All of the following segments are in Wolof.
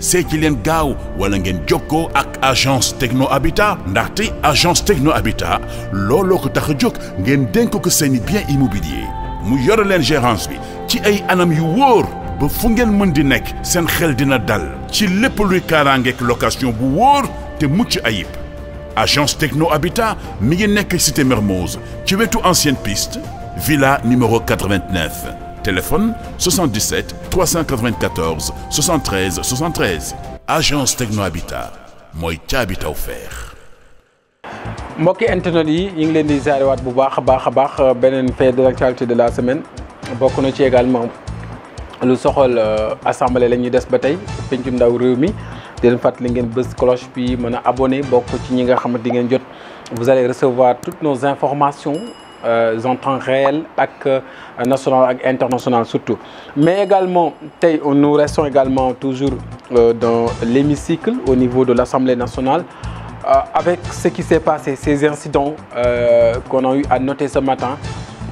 see ci leen gaaw wala ngeen jokkoo ak agence techno abita ndaxte agence techno habitat looloo ko tax a jóg ngeen dénk ko seeni bien immobilier mu yore leen gérance bi ci ay anam yu wóor ba fu ngeen mën di nekk seen xel dina dal ci lépp luy kaaraangeek location bu wóor te mucc ayib agence techno abita mi ngi nekk cité Mermoz ci wetu ancienne pist villa numéro 89 téléphone 77 394 73 73 agence Techno Habitat mooy ca Habitat offert. mbokki internet yi ñu ngi leen di zaarewaat bu baax a baax a baax euh, beneen fait de l'actualité de la semaine bokk na ci également lu soxal euh, assemblée la ñuy des ba tey pencum ndaw réew mi di leen fàttali ngeen bës cloche bi mën a abonné bokk ci ñi nga xamante di ngeen jot vous allez recevoir toutes nos informations. Euh, en temps réel ak euh, national ak international surtout mais également tey nous restons également toujours euh, dans l'hémicycle au niveau de l'Assemblée nationale avec ce qui s'est passé ces incidents qu'on a eu à noter ce matin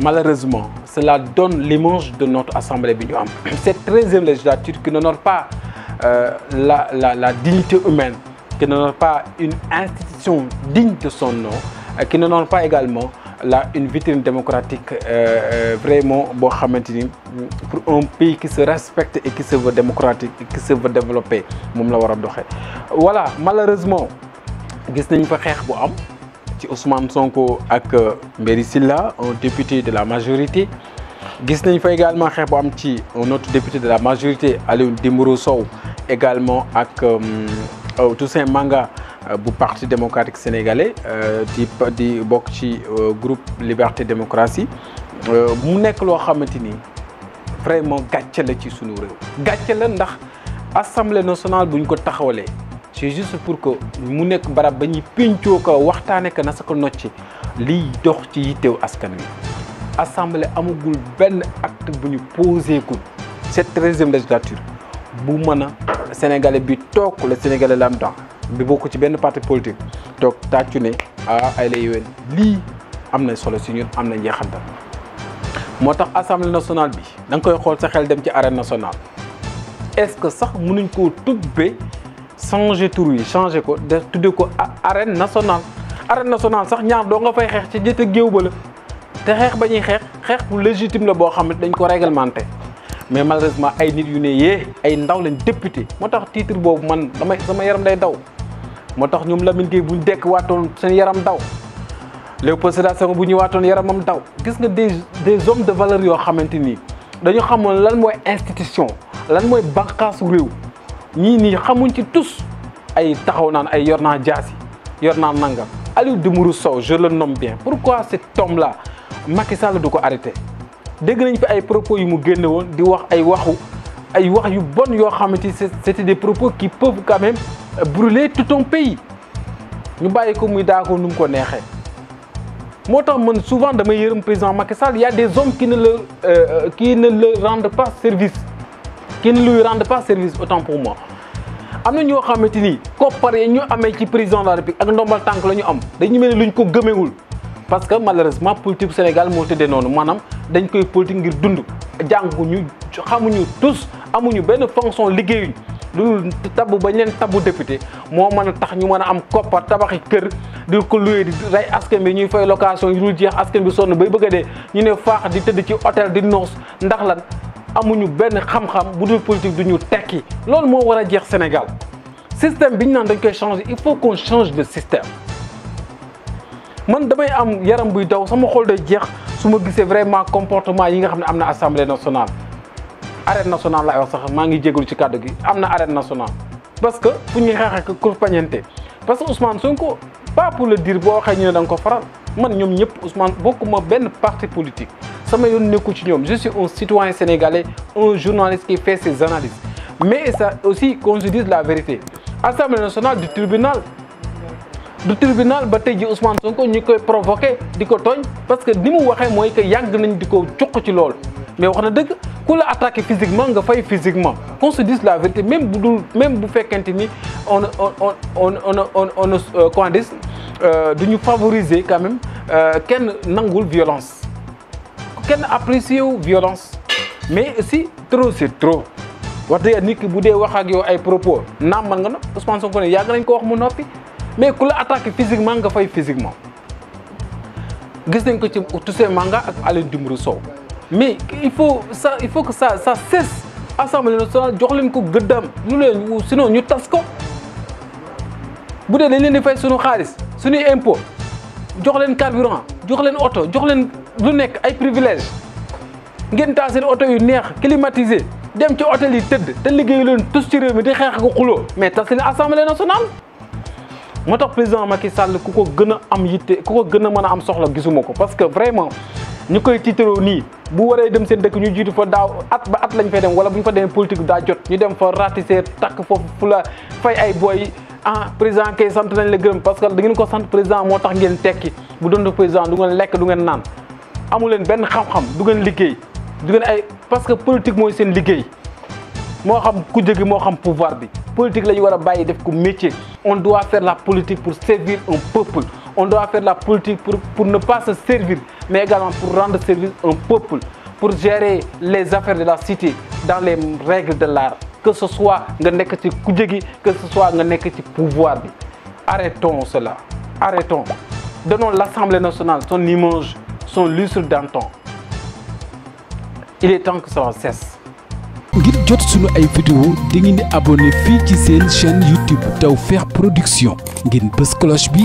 malheureusement cela donne l'image de notre assemblée bi ñu am cette treizième législature qui n'honore pas la la la dignité humaine qui n'honore pas une institution digne de son nom qui n'honore pas également la une vitrine démocratique euh, euh, vraiment boo xamante ni pour un pays qui se respecte et qui se veut démocratique et qui se veut développer moom la war a doxee. voilà malheureusement gis nañ fa xeex bu am ci au Ousmane Sonko ak euh, Mbéri Silla un député de la majorité gis nañ fa également xeex bu am ci un autre député de la majorité Aliou Dembourou Sow également ak euh, Toussaint Manga. Euh, bu parti démocratique sénégalais euh, di di bokk ci euh, groupe liberté démocratie mu nekk loo xamante ni vraiment gàcce la ci suñu réew. gàcce la ndax assemblée nationale buñ ko taxawalee c'est juste pour que mu nekk barab ba ñuy pencoo ko waxtaanee ko na sa ko nocci li dox ci yitteew askan wi. assemblée amagul benn acte bu ñu posé ko cette treizième législature bu mën a sénégalais bi toog le sénégalais lambda bi bokk ci benn partie politique toog tàccu ne ah ay la yéwén lii am na solo si ñun am na njeexantal moo tax assemblée nationale bi da nga koy xool sa xel dem ci arène nationale est-ce que sax mënuñ koo tuddee changer tour yi changer ko de tuddee ko arène nationale arène nationale sax ñaar doo nga fay xeex ci jëte géew ba la te xeex ba ñuy xeex xeex bu légitime la boo xam ne dañ ko réglementé mais malheureusement ay nit yu ne yee ay ndaw lañ député moo tax titre boobu man damay yaram day daw moo tax ñoom Lamine Gueye bu ñu dekk waatoon seen yaram daw Léopold Sédar Senghor bu ñu waatoon yaramam daw gis nga des des hommes de valeur yoo xamante nii dañu xamoon lan mooy institution lan mooy bànqaasu réew ñii nii xamuñ ci tous ay taxaw naan ay yor naa jaasi yor naa nangam Aliou muru Sow je le nomme bien pourquoi cet homme la Macky Sall du ko arrêté dégg nañ fi ay propos yu mu génne woon di wax ay waxu ay wax yu bon yoo xamante ni c'était des propos qui peuvent quand même brûler tout un pays ñu bàyyi ko muy daakoo nu mu ko neexee moo tax man souvent damay yërëm président Macky Sall y a des hommes qui ne le euh, le rendent pas service qui ne lui rendent pas service autant pour moi am na ñoo xamante ni koppar yi ñu amee ci président de la République ak ndombal tànk la ñu am dañu mel luñ ko gëmewul parce que malheureusement politique Sénégal moo tëddee noonu maanaam dañ koy politique ngir dund jànguñu xamuñu tous amuñu benn fonction liggéeyuñ loolu tabbu bañ leen tabbu député moo mën a tax ñu mën a am koppar tabaxi kër di ko loué di rey askan bi ñuy fay location yu dul jeex askan bi sonn bay bëgg a dee ñu ne faax di tëdd ci hôtel di noos ndax lan amuñu benn xam-xam bu dul politique du ñu tekki loolu moo war a jeex Sénégal système bi ñu naan dañ koy changer il faut qu'on change de système man damay am yaram buy daw sama xol day jeex su ma gisee vraiment comportement yi nga xam ne am na assemblée nationale arène national laay wax sax maa ngi jégalu ci kàddu gi am na arène nationale. parce que fu ñuy xeex ak kurpañante parce que Ousmane Sonko pas pour le dire boo waxee ñu ne da nga ko faral man ñoom ñëpp Ousmane bokkuma benn parti politique sama yoon nekku ci ñoom je suis un citoyen sénégalais un journaliste qui fait ses analyses mais ça aussi qu'on se dise la vérité assemblée nationale du tribunal du tribunal ba tey ji Ousmane Sonko ñi koy provoqué di ko tooñ parce que ni mu waxee mooy que yàgg nañ di ko jox ci loolu ku la attaqué physiquement nga fay physiquement qu'on se dise la vérité même bu dul même bu fekkente ni on on on on on on euh, euh, favoriser quand même euh, kenn nangul violence kenn apprécier wu violence mais si trop c'est trop wax dëgg nit ki bu dee wax ak yow ay propos naam man nga na Ousmane Sonko ne yàgg nañ ko wax mu noppi mais ku la attaqué physiquement nga fay physiquement gis nañ ko ci Toussaint Manga ak Aliou Dembourou Sow mais il faut sa il faut que ça ça cesse assemblée nationale jox leen ko gëddaam ñu leen sinon ñu tas ko bu dee dañ leen di fay suñu xaalis suñuy impôt jox leen carburant jox leen oto jox leen lu nekk ay privilège ngeen taal seen oto yu neex climatisé dem ci hôtel yi tëdd te liggéeyu leen tous ci réew mi di xeex ko xuloo mais tas leen assemblée nationale moo tax président Macky Sall ku ko gën a am yitte ku ko gën a mën a am soxla gisuma ko parce que vraiment ñu koy tiitaroo nii bu waree dem seen dëkk ñu jiitu fa daaw at ba at lañ fay dem wala bu ñu fa demee politique daa jot ñu dem fa ratisser takk foofu fu la fay ay booy ah président kay sant nañ la gërëm parce que da ngeen ko sant président moo tax ngeen tekki bu doon def président du ngeen lekk du ngeen naan amu leen benn xam-xam du ngeen liggéey du ngeen ay parce que politique mooy seen liggéey moo xam ku jëgi moo xam pouvoir bi politique la ñu war a bàyyi def ko métier on doit la politique pour servir un on doit faire la politique pour, pour ne pas se servir, mais également pour rendre service un peuple, pour gérer les affaires de la cité dans les règles de l'art. Que ce soit que ce soit pouvoir. Arrêtons cela. Arrêtons. Donnons l'Assemblée nationale son image, son lustre d'antan. Il est temps que ça cesse. ngir jot suñu ay vidéo da ngeen di abonné fii ci seen chaîne YouTube Tawfekh Production ngeen bës cloche bi